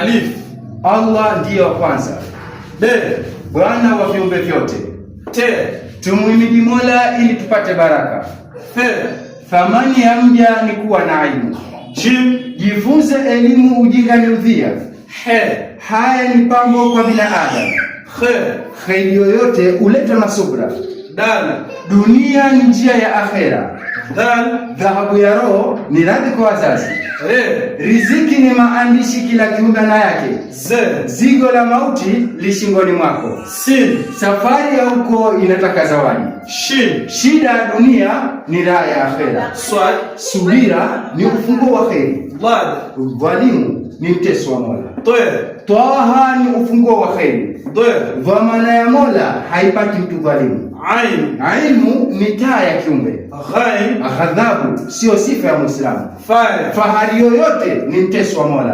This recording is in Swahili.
Alif, Allah ndiyo wa kwanza. B, Bwana wa viumbe vyote. T, tumhimidi Mola ili tupate baraka. F, thamani ya mja ni kuwa na aibu. J, jifunze elimu, ujinga ni udhia. He, haya ni pambo kwa binadamu. He, kheri yoyote uletwa na subra. Dal, dunia ni njia ya akhera dhahabu ya roho ni radhi kwa wazazi. Eh. Riziki ni maandishi, kila kiumbe na yake. Zigo la mauti lishingoni mwako. Safari ya huko inataka zawadi. Shida ya dunia ni raha ya akhera. Subira ni ufunguo wa kheri. Dhalimu ni mteso wa Mola. Twaha ni ufunguo wa kheri. Dhamana ya Mola haipati mtu dhalimu ain, aimu ni taa ya kiumbe. Ghaib, ghadhabu siyo sifa ya Muislamu. Fahari yoyote ni mteso wa Mola.